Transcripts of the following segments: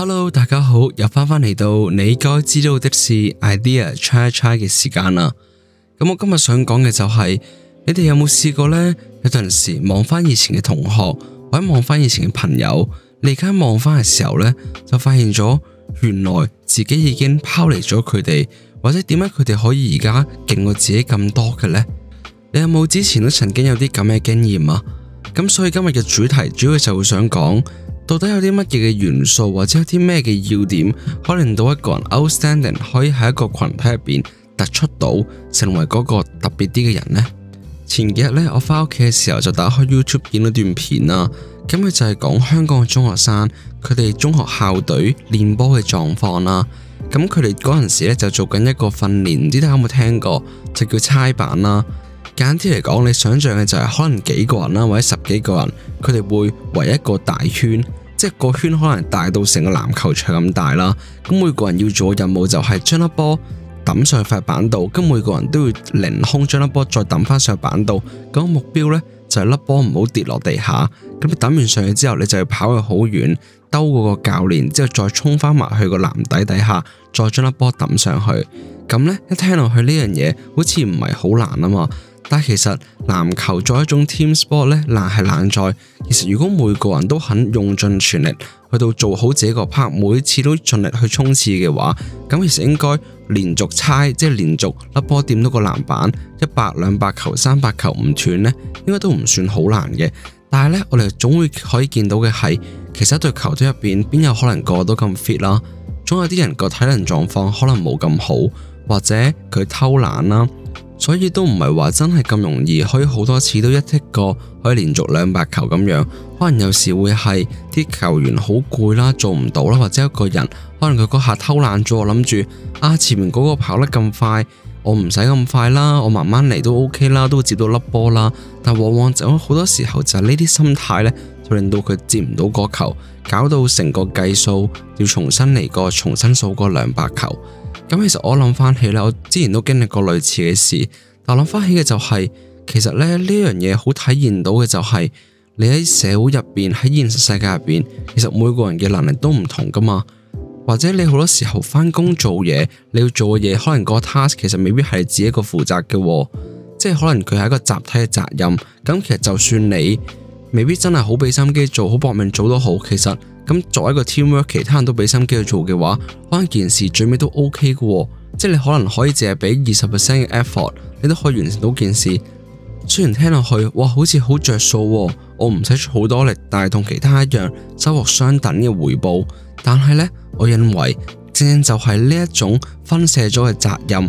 Hello，大家好，又翻返嚟到你該知道的事 idea try try 嘅時間啦。咁我今日想講嘅就係、是，你哋有冇試過呢？有陣時望翻以前嘅同學，或者望翻以前嘅朋友，你而家望翻嘅時候呢，就發現咗原來自己已經拋離咗佢哋，或者點解佢哋可以而家勁過自己咁多嘅呢？你有冇之前都曾經有啲咁嘅經驗啊？咁所以今日嘅主題主要就會想講。到底有啲乜嘢嘅元素，或者有啲咩嘅要點，可能令到一個人 outstanding，可以喺一個群體入邊突出到，成為嗰個特別啲嘅人咧？前幾日咧，我翻屋企嘅時候就打開 YouTube 見到段片啦，咁佢就係講香港嘅中學生，佢哋中學校隊練波嘅狀況啦。咁佢哋嗰陣時咧就做緊一個訓練，唔知大家有冇聽過，就叫差板啦。簡啲嚟講，你想象嘅就係可能幾個人啦，或者十幾個人，佢哋會圍一個大圈。即係個圈，可能大到成個籃球場咁大啦，咁每個人要做嘅任務就係將粒波抌上去塊板度，咁每個人都要凌空將粒波再抌翻上板度，咁目標呢，就係粒波唔好跌落地下，咁你抌完上去之後，你就要跑去好遠，兜嗰個教練之後再衝翻埋去個籃底底下，再將粒波抌上去，咁呢，一聽落去呢樣嘢好似唔係好難啊嘛。但其實籃球作為一種 team sport 呢，難係難在，其實如果每個人都肯用盡全力去到做好自己個 part，每次都盡力去衝刺嘅話，咁其實應該連續差，即係連續甩波掂到個籃板一百兩百球三百球唔斷呢，應該都唔算好難嘅。但係呢，我哋總會可以見到嘅係，其實一隊球隊入邊邊有可能個個都咁 fit 啦、啊，總有啲人個體能狀況可能冇咁好，或者佢偷懶啦、啊。.所以都唔係話真係咁容易，可以好多次都一踢過，可以連續兩百球咁樣。可能有時會係啲球員好攰啦，做唔到啦，或者一個人可能佢嗰下偷懶咗，我諗住啊前面嗰個跑得咁快，我唔使咁快啦，我慢慢嚟都 O K 啦，都接到粒波啦。但往往就好多時候就係呢啲心態呢，就令到佢接唔到個球，搞到成個計數要重新嚟過，重新數過兩百球。咁其實我諗翻起啦，我之前都經歷過類似嘅事，但諗翻起嘅就係、是，其實咧呢樣嘢好體現到嘅就係、是，你喺社會入邊，喺現實世界入邊，其實每個人嘅能力都唔同噶嘛，或者你好多時候翻工做嘢，你要做嘅嘢可能個 task 其實未必係自己一個負責嘅、哦，即係可能佢係一個集體嘅責任，咁其實就算你未必真係好俾心機做好搏命做都好，其實。咁作為一個 teamwork，其他人都俾心機去做嘅話，可能件事最尾都 OK 嘅。即係你可能可以淨係俾二十 percent 嘅 effort，你都可以完成到件事。雖然聽落去，哇，好似好着數，我唔使出好多力，但係同其他一樣，收穫相等嘅回報。但係呢，我認為正正就係呢一種分卸咗嘅責任，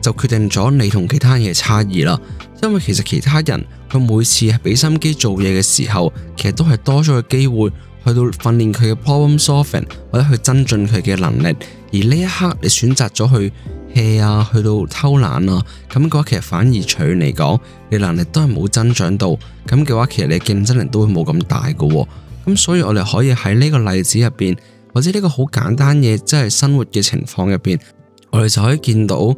就決定咗你同其他人嘅差異啦。因為其實其他人佢每次係俾心機做嘢嘅時候，其實都係多咗嘅機會。去到訓練佢嘅 problem solving，或者去增進佢嘅能力。而呢一刻你選擇咗去棄啊，去到偷懶啊，咁嘅話其實反而長遠嚟講，你能力都係冇增長到。咁嘅話其實你競爭力都會冇咁大嘅。咁、嗯、所以我哋可以喺呢個例子入邊，或者呢個好簡單嘅，即係生活嘅情況入邊，我哋就可以見到細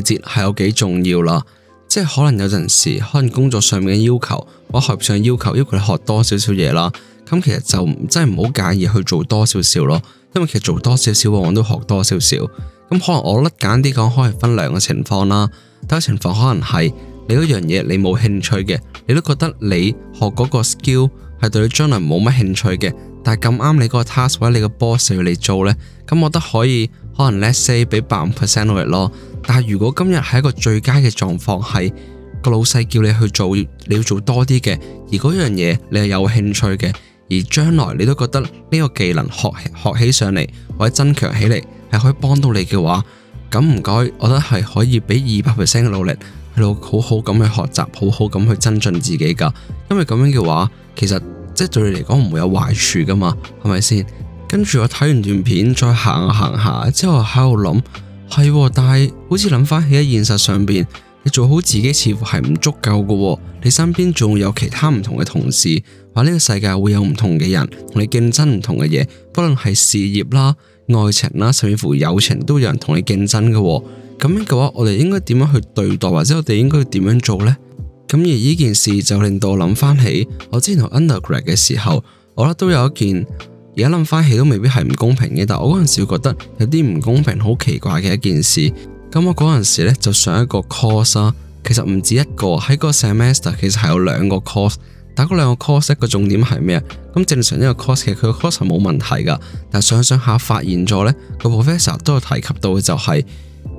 節係有幾重要啦。即係可能有陣時可能工作上面嘅要求，我學上嘅要求要求你學多少少嘢啦。咁其實就真係唔好介意去做多少少咯。因為其實做多少少，往往都學多少少。咁可能我甩簡啲講，可能分兩個情況啦。第一情況可能係你嗰樣嘢你冇興趣嘅，你都覺得你學嗰個 skill 係對你將來冇乜興趣嘅。但係咁啱你嗰個 task 或者你個 boss 要你做呢，咁我覺得可以可能 let’s say 俾百五 percent 咯。但係如果今日係一個最佳嘅狀況，係個老細叫你去做，你要做多啲嘅，而嗰樣嘢你係有興趣嘅，而將來你都覺得呢個技能學學起上嚟，或者增強起嚟係可以幫到你嘅話，咁唔該，我覺得係可以俾二百 percent 嘅努力，係度好好咁去學習，好好咁去增進自己噶，因為咁樣嘅話，其實即係對你嚟講唔會有壞處噶嘛，係咪先？跟住我睇完段片，再行下行下之後喺度諗。係，但係好似諗翻起喺現實上邊，你做好自己似乎係唔足夠噶。你身邊仲會有其他唔同嘅同事，話呢個世界會有唔同嘅人同你競爭唔同嘅嘢，不論係事業啦、愛情啦，甚至乎友情，都有人同你競爭噶。咁樣嘅話，我哋應該點樣去對待，或者我哋應該點樣做呢？咁而呢件事就令到我諗翻起，我之前同 undergrad 嘅時候，我覺得都有一件。而家諗翻起都未必係唔公平嘅，但我嗰陣時會覺得有啲唔公平，好奇怪嘅一件事。咁我嗰陣時呢就上一個 course 啦。其實唔止一個，喺個 semester 其實係有兩個 course。但嗰兩個 course 一個重點係咩啊？咁正常呢個 course 其實佢個 course 係冇問題噶，但係想想下發現咗呢，個 professor 都有提及到嘅就係、是、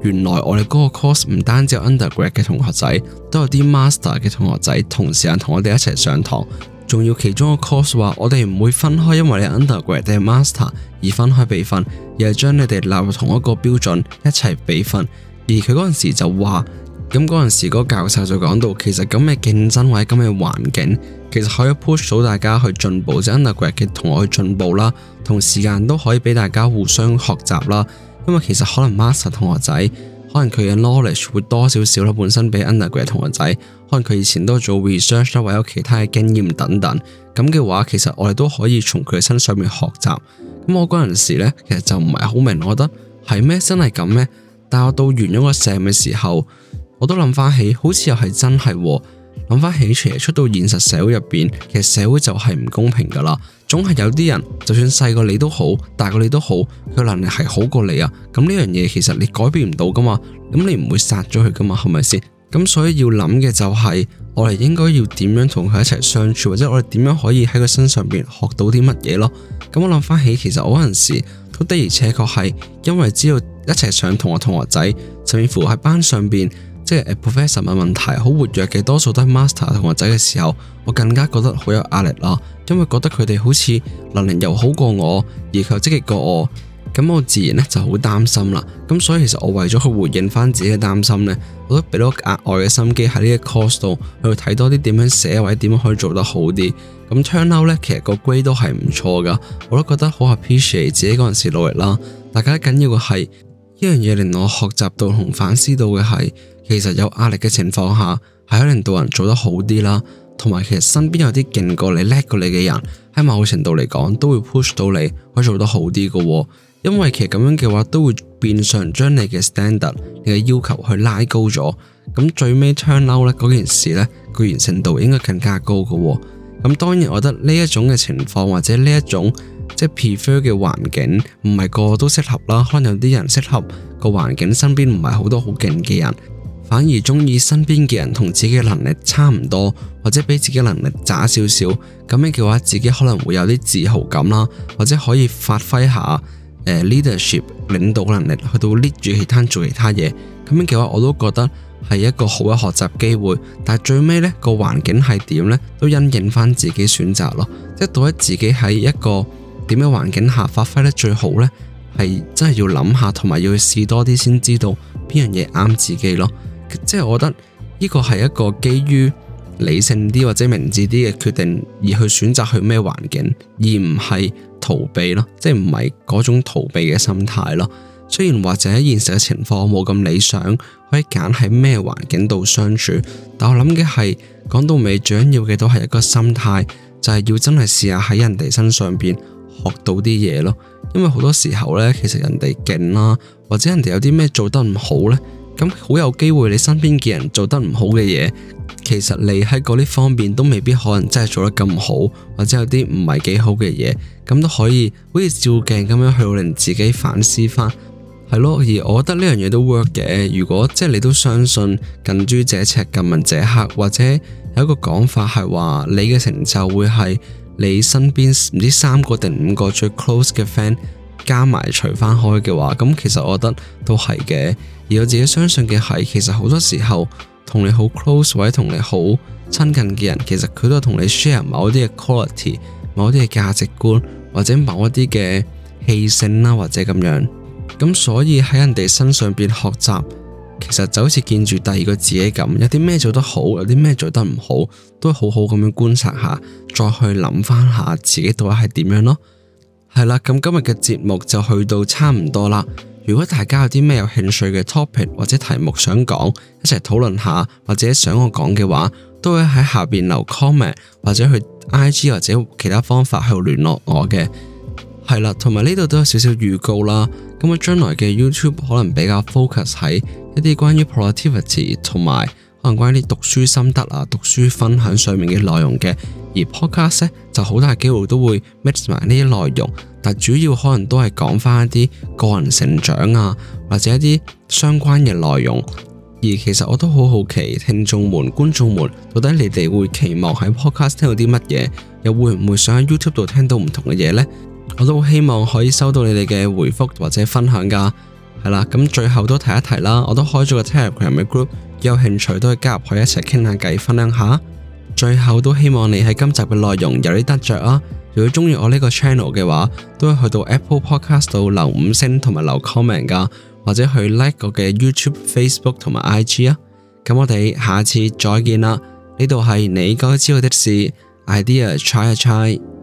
原來我哋嗰個 course 唔單止有 undergrad 嘅同學仔，都有啲 master 嘅同學仔同，同時間同我哋一齊上堂。仲要其中一個 course 話，我哋唔會分開，因為你 undergraduate 定係 master 而分開俾分，而係將你哋納入同一個標準一齊俾分。而佢嗰陣時就話，咁嗰陣時嗰個教授就講到，其實咁嘅競爭或者咁嘅環境，其實可以 push 到大家去進步，就係 undergraduate 同學去進步啦，同時間都可以俾大家互相學習啦。因為其實可能 master 同學仔、就是。可能佢嘅 knowledge 會多少少本身比 undergraduate 同學仔，可能佢以前都做 research 或者有其他嘅經驗等等咁嘅話，其實我哋都可以從佢身上面學習。咁我嗰陣時咧，其實就唔係好明白，我覺得係咩真係咁咩？但我到完咗個 semester 時候，我都諗翻起，好似又係真係喎，諗翻起，其實出到現實社會入邊，其實社會就係唔公平噶啦。總係有啲人，就算細過你都好，大過你都好，佢能力係好過你啊。咁呢樣嘢其實你改變唔到噶嘛。咁你唔會殺咗佢噶嘛，係咪先？咁所以要諗嘅就係我哋應該要點樣同佢一齊相處，或者我哋點樣可以喺佢身上邊學到啲乜嘢咯。咁我諗翻起，其實我嗰陣時都的而且確係因為知道一齊上同學同學，同學仔，甚至乎喺班上邊。即係 professor 嘅問題好活躍嘅，多數都係 master 同學仔嘅時候，我更加覺得好有壓力啦，因為覺得佢哋好似能力又好過我，而佢又積極過我，咁我自然呢就好擔心啦。咁所以其實我為咗去回應翻自己嘅擔心呢，我都俾咗額外嘅心機喺呢個 course 度去睇多啲點樣寫或者點樣可以做得好啲。咁 turn out 呢，其實個 grade 都係唔錯噶,我都覺得好 appreciate 自己嗰陣時努力啦。大家緊要嘅係呢樣嘢令我學習到同反思到嘅係。其實有壓力嘅情況下，係可以令到人做得好啲啦。同埋，其實身邊有啲勁過你、叻過你嘅人，喺某程度嚟講，都會 push 到你可以做得好啲㗎喎。因為其實咁樣嘅話，都會變相將你嘅 standard、你嘅要求去拉高咗。咁最尾 turn low 咧，嗰件事呢，佢完成度應該更加高㗎喎。咁當然，我覺得呢一種嘅情況或者呢一種即、就是、prefer 嘅環境，唔係個個都適合啦。可能有啲人適合個環境，身邊唔係好多好勁嘅人。反而中意身邊嘅人同自己嘅能力差唔多，或者比自己能力渣少少咁樣嘅話，自己可能會有啲自豪感啦，或者可以發揮下、呃、leadership 領導能力，去到 lead 住其他做其他嘢咁樣嘅話，我都覺得係一個好嘅學習機會。但係最尾呢個環境係點呢？都因應翻自己選擇咯，即係到底自己喺一個點嘅環境下發揮得最好呢？係真係要諗下，同埋要去試多啲先知道邊樣嘢啱自己咯。即係我覺得呢個係一個基於理性啲或者明智啲嘅決定，而去選擇去咩環境，而唔係逃避咯，即係唔係嗰種逃避嘅心態咯。雖然或者現實嘅情況冇咁理想，可以揀喺咩環境度相處，但我諗嘅係講到尾，最緊要嘅都係一個心態，就係、是、要真係試下喺人哋身上邊學到啲嘢咯。因為好多時候呢，其實人哋勁啦，或者人哋有啲咩做得唔好呢。咁好有機會，你身邊嘅人做得唔好嘅嘢，其實你喺嗰啲方面都未必可能真係做得咁好，或者有啲唔係幾好嘅嘢，咁都可以好似照鏡咁樣去令自己反思返，係咯。而我覺得呢樣嘢都 work 嘅。如果即係你都相信近朱者赤，近墨者黑，或者有一個講法係話你嘅成就會係你身邊唔知三個定五個最 close 嘅 friend。加埋除翻開嘅話，咁其實我覺得都係嘅。而我自己相信嘅係，其實好多時候同你好 close 或者同你好親近嘅人，其實佢都同你 share 某啲嘅 quality、某啲嘅價值觀或者某一啲嘅氣性啦，或者咁樣。咁所以喺人哋身上邊學習，其實就好似見住第二個自己咁，有啲咩做得好，有啲咩做得唔好，都好好咁樣觀察下，再去諗翻下自己到底係點樣咯。係啦，咁今日嘅節目就去到差唔多啦。如果大家有啲咩有興趣嘅 topic 或者題目想講，一齊討論下，或者想我講嘅話，都會喺下邊留 comment 或者去 IG 或者其他方法去聯絡我嘅。係啦，同埋呢度都有少少預告啦。咁我，將來嘅 YouTube 可能比較 focus 喺一啲關於 productivity 同埋。可能關於啲讀書心得啊、讀書分享上面嘅內容嘅，而 podcast 就好大機會都會 mix 埋呢啲內容，但主要可能都係講翻一啲個人成長啊，或者一啲相關嘅內容。而其實我都好好奇聽眾們、觀眾們，到底你哋會期望喺 podcast 聽到啲乜嘢，又會唔會想喺 YouTube 度聽到唔同嘅嘢呢？我都好希望可以收到你哋嘅回覆或者分享噶。係啦，咁最後都提一提啦，我都開咗個 Telegram 嘅 group。有興趣都可以加入去一齊傾下偈、分享下。最後都希望你喺今集嘅內容有啲得着啊！如果中意我呢個 channel 嘅話，都去到 Apple Podcast 度留五星同埋留 comment 㗎，或者去 like 我嘅 YouTube、Facebook 同埋 IG 啊！咁我哋下次再見啦！呢度係你該知道的事，idea try a try。